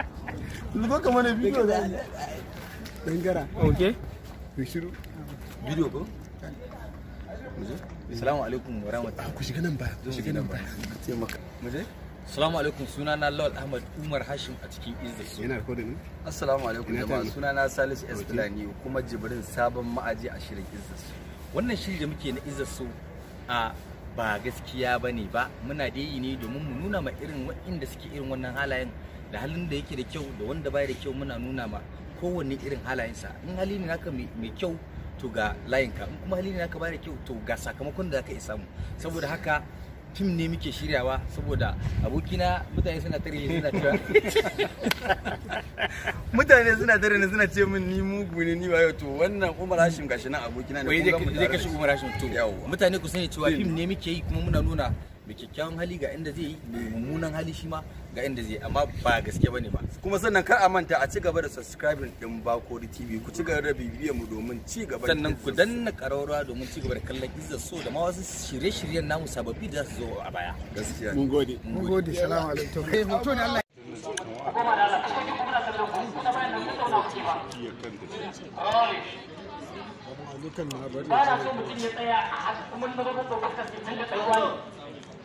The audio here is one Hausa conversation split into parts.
zo Assalamu alaikum wa rahmatullahi. Ah, shiga nan ba, shiga nan ba. Sai maka. Assalamu alaikum suna na Lawal Ahmad Umar Hashim a cikin Izza su. Yana ne? Assalamu alaikum jama'a suna na Salisu S kuma Jibrin sabon ma'aji a shirin Izza Wannan shiri da muke na Izza su a ba gaskiya bane ba muna da yi ne domin mu nuna ma irin waɗanda suke irin wannan halayen da halin da yake da kyau da wanda baya da kyau muna nuna ma kowanne irin halayensa in hali ne naka mai kyau to ga ka, in kuma hali ne naka baya da kyau to ga sakamakon da zaka iya samu saboda haka fim ne muke shiryawa saboda abokina mutane suna tare ne suna cewa mutane suna tare ne suna ce min ni mugu ne ni wayo to wannan Umar Hashim gashi nan abokina ne kuma zai kashi Umar Hashim to mutane ku sani cewa fim ne muke yi kuma muna nuna mai kyakkyawan hali ga inda zai yi mai mummunan hali shi ma ga inda zai amma ba gaske ba ne ba kuma sannan kar a manta a ci gaba da subscribing din bakori tv ku ci gaba da bibiyar mu domin ci gaba sannan ku danna karawarwa domin ci gaba da kallon izza so da ma wasu shirye-shiryen namu sababbi da su zo a baya gaskiya mun gode mun gode salamu alaikum eh, hoto ne Allah a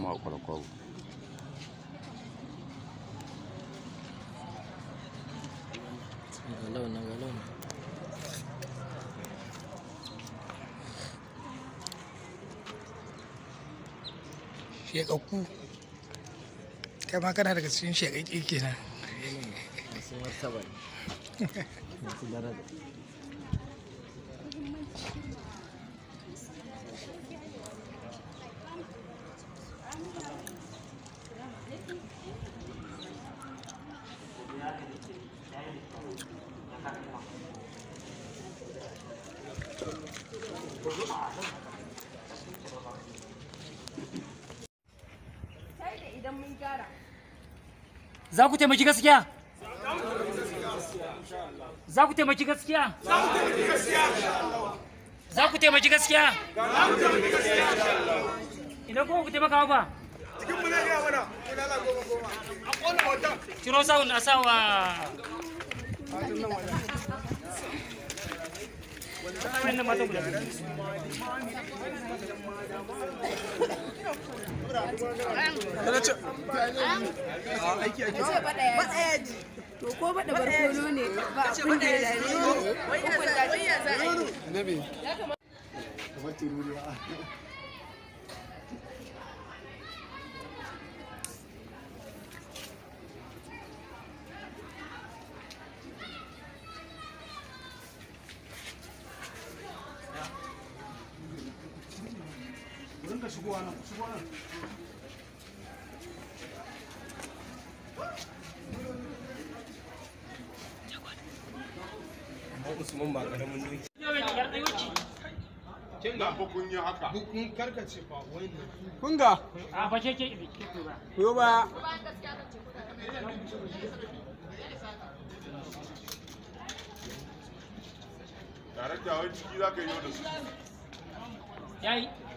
makwarkwaro galau galau ma kana daga cikin shekakki kenan za ku taimaki gaskiya za ku taimaki gaskiya za ku taimaki gaskiya idan kuma ku taimaka ba a wannan matan guda ko bada barkono ne ba abin da ya zai ne shigowa nan shigowa nan usman ba karamin doki kin ga kun yi haka kun karkace fa wannan kun ga a fa ke ke ba ba wani ciki za ka yi yau da su. Yayi.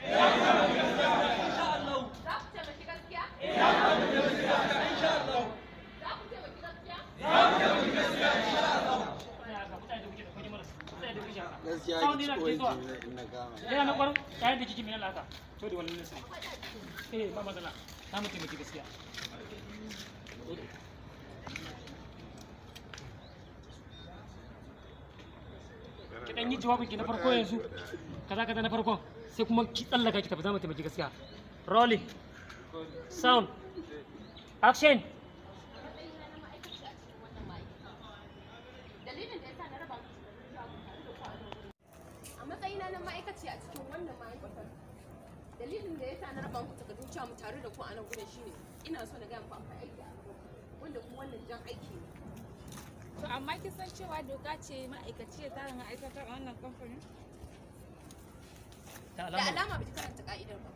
gaskiya ki ci koyi ki na gama yana na gaskiya dan yi jawabin ki na yanzu na sai kuma ki tsallaka ki tafi za mu taimaki gaskiya rolling sound action na ma'aikaci a cikin wannan dalilin da ya sa na raba ku takardu cewa mu tare da ku a nan gudun ne, ina so na gaya muku akwai aiki a wanda kuma wannan jan aiki ne to amma kin san cewa doka ce ma'aikaci ya tara ma'aikatar a wannan kamfanin da alama bai karanta ka'idar ba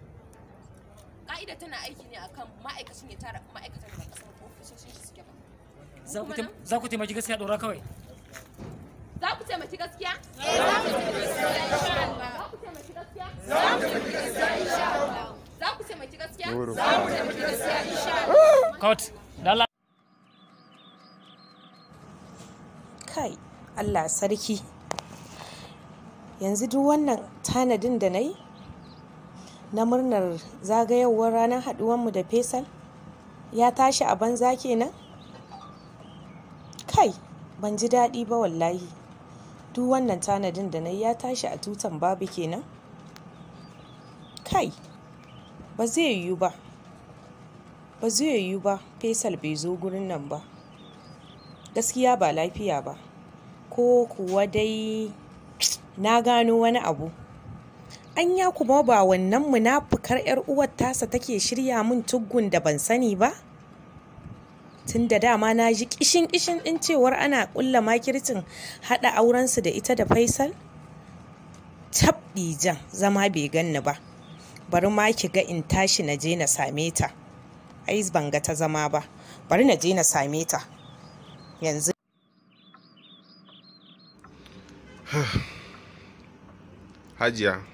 ka'idar tana aiki ne akan ma'aikacin ya tara ma'aikatan da kasan ofisoshin shi suke ba za ku taimaki gaskiya dora kawai za ku taimaki gaskiya za ku taimaki gaskiya za ku taimaki gaskiya za ku taimaki gaskiya insha Allah za ku taimaki gaskiya za ku taimaki gaskiya insha Allah kot dala kai Allah sarki yanzu duk wannan tanadin da na yi na murnar zagayowar ranar mu da fesal ya tashi a banza kenan kai ban ji daɗi ba wallahi duk wannan tanadin da na ya tashi a tutan babu kenan kai ba zai yiwu ba ba zai yiwu ba fesal bai zo gurin nan ba gaskiya ba lafiya ba ko kuwa dai na gano wani abu an ya kuma ba wannan munafukar 'yar uwar tasa take shirya min tuggun da ban sani ba tun da dama na ji kishin kishin din cewar ana kulla makircin hada aurensu da ita da faisal tab jan zama bai ganni ba bari ma ki ga in tashi na je na same ta ai ban ga ta zama ba bari na je na same ta yanzu hajiya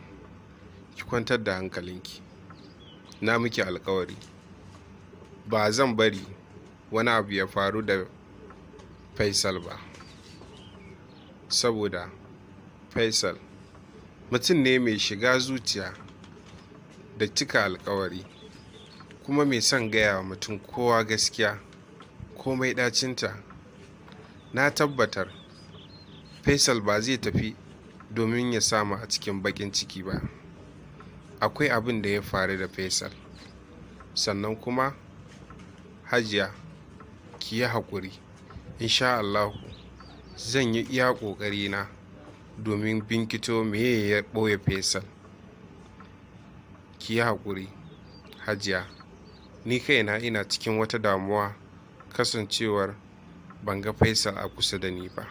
kwantar da hankalinki na miki alkawari ba zan bari wani abu ya faru da faisal ba saboda faisal mutum ne mai shiga zuciya da cika alkawari kuma mai son gaya wa mutum kowa gaskiya komai ɗacinta na tabbatar faisal ba zai tafi domin ya samu a cikin baƙin ciki ba akwai abin da ya faru da faisal sannan kuma hajiya ki yi haƙuri insha allahu zan yi iya ƙoƙari na domin binkito meye ya ɓoye faisal ki yi haƙuri hajiya ni kaina ina cikin wata damuwa kasancewar ban ga faisal a kusa da ni ba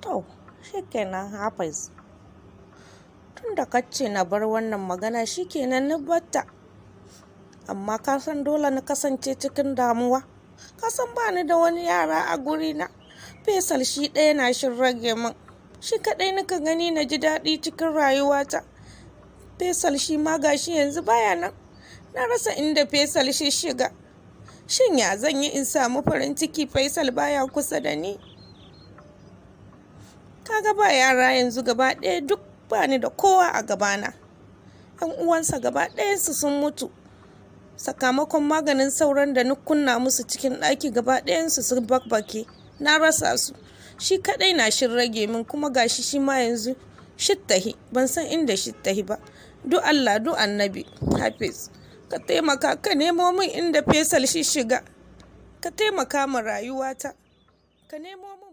to shikenan hafiz tun da kacce na bar wannan magana shikenan na batta amma ka san dole na kasance cikin damuwa ka san ba ni da wani yara a guri na fesal shi ɗaya na shin rage min shi kaɗai nika gani na ji daɗi cikin rayuwata fesal shi ma gashi yanzu baya nan na rasa inda fesal shi shiga shin ya zan yi in samu farin ciki faisal baya kusa da ni kaga ba yara yanzu gaba ɗaya duk ba ni da kowa a gabana yan uwansa gaba ɗayansu sun mutu sakamakon maganin sauran da na kunna musu cikin ɗaki gaba ɗayansu sun bakbake na rasa su shi kaɗai na shin rage min kuma gashi shi ma yanzu shittahi ban san inda shittahi ba du Allah du annabi hafiz ka taimaka ka nemo min inda fesal shi shiga ka taimaka ma rayuwata ka nemo min